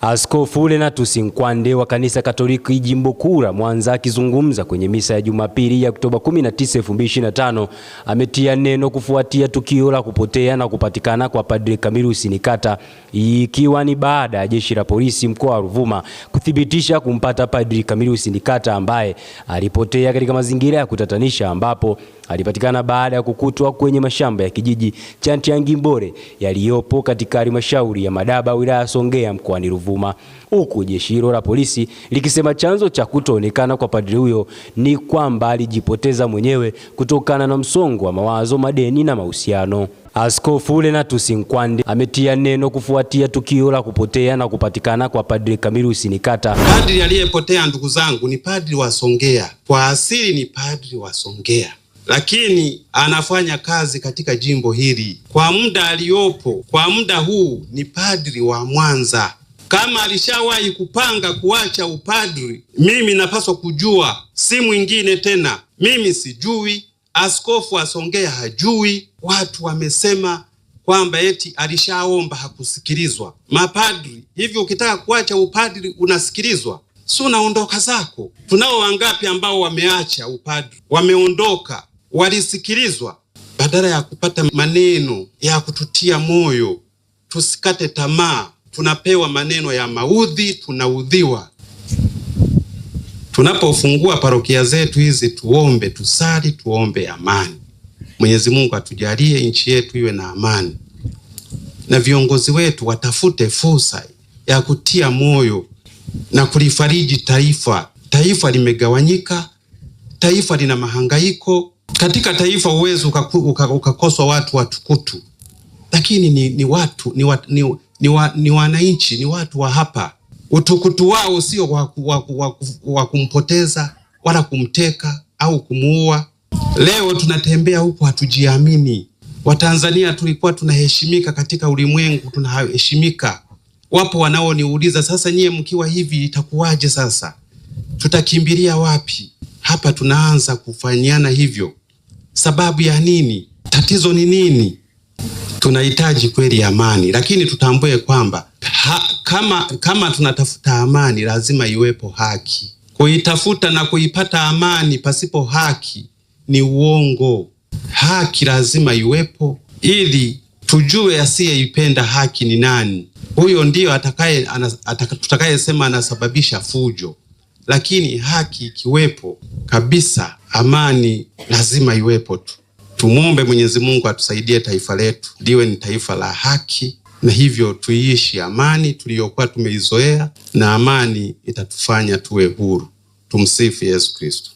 Askofu Renatus Nkwande wa Kanisa Katoliki Jimbo Kuu la Mwanza akizungumza kwenye misa ya Jumapili ya Oktoba 19, 2025 ametia neno kufuatia tukio la kupotea na kupatikana kwa Padri Camillus Nikata, ikiwa ni baada ya jeshi la polisi mkoa wa Ruvuma kuthibitisha kumpata Padri Camillus Nikata ambaye alipotea katika mazingira ya kutatanisha ambapo alipatikana baada ya kukutwa kwenye mashamba ya kijiji cha Ntiangimbore yaliyopo katika halmashauri ya Madaba wilaya ya Songea mkoani Ruvuma, huku jeshi hilo la polisi likisema chanzo cha kutoonekana kwa padri huyo ni kwamba alijipoteza mwenyewe kutokana na msongo wa mawazo, madeni na mahusiano. Askofu Renatus Nkwande ametia neno kufuatia tukio la kupotea na kupatikana kwa padri Kamilu nikata Padri aliyepotea, ndugu zangu, ni padri wa Songea, kwa asili ni padri wa Songea lakini anafanya kazi katika jimbo hili kwa muda aliyopo. Kwa muda huu ni padri wa Mwanza. Kama alishawahi kupanga kuacha upadri, mimi napaswa kujua, si mwingine tena. Mimi sijui, askofu asongea hajui. Watu wamesema kwamba eti alishaomba hakusikilizwa. Mapadri hivi, ukitaka kuacha upadri unasikilizwa? Si unaondoka zako. Tunao wangapi ambao wameacha upadri, wameondoka walisikilizwa, badala ya kupata maneno ya kututia moyo, tusikate tamaa. Tunapewa maneno ya maudhi, tunaudhiwa. Tunapofungua parokia zetu hizi, tuombe, tusali, tuombe amani. Mwenyezi Mungu atujalie nchi yetu iwe na amani, na viongozi wetu watafute fursa ya kutia moyo na kulifariji taifa. Taifa limegawanyika, taifa lina mahangaiko katika taifa uwezo ukakoswa watu watukutu, lakini ni, ni watu ni, ni, ni, wa, ni wananchi, ni watu wa hapa. Utukutu wao sio wa, wa, wa, wa kumpoteza wala kumteka au kumuua. Leo tunatembea huku hatujiamini. Watanzania tulikuwa tunaheshimika katika ulimwengu, tunaheshimika. Wapo wanaoniuliza sasa, nyie mkiwa hivi itakuwaje? Sasa tutakimbilia wapi? Hapa tunaanza kufanyiana hivyo sababu ya nini? Tatizo ni nini? Tunahitaji kweli amani, lakini tutambue kwamba ha, kama, kama tunatafuta amani lazima iwepo haki. Kuitafuta na kuipata amani pasipo haki ni uongo. Haki lazima iwepo ili tujue asiyeipenda haki ni nani. Huyo ndiyo atakaye tutakaye anasababisha fujo lakini haki ikiwepo kabisa, amani lazima iwepo tu. Tumwombe Mwenyezi Mungu atusaidie taifa letu liwe ni taifa la haki, na hivyo tuiishi amani tuliyokuwa tumeizoea, na amani itatufanya tuwe huru. Tumsifu Yesu Kristo.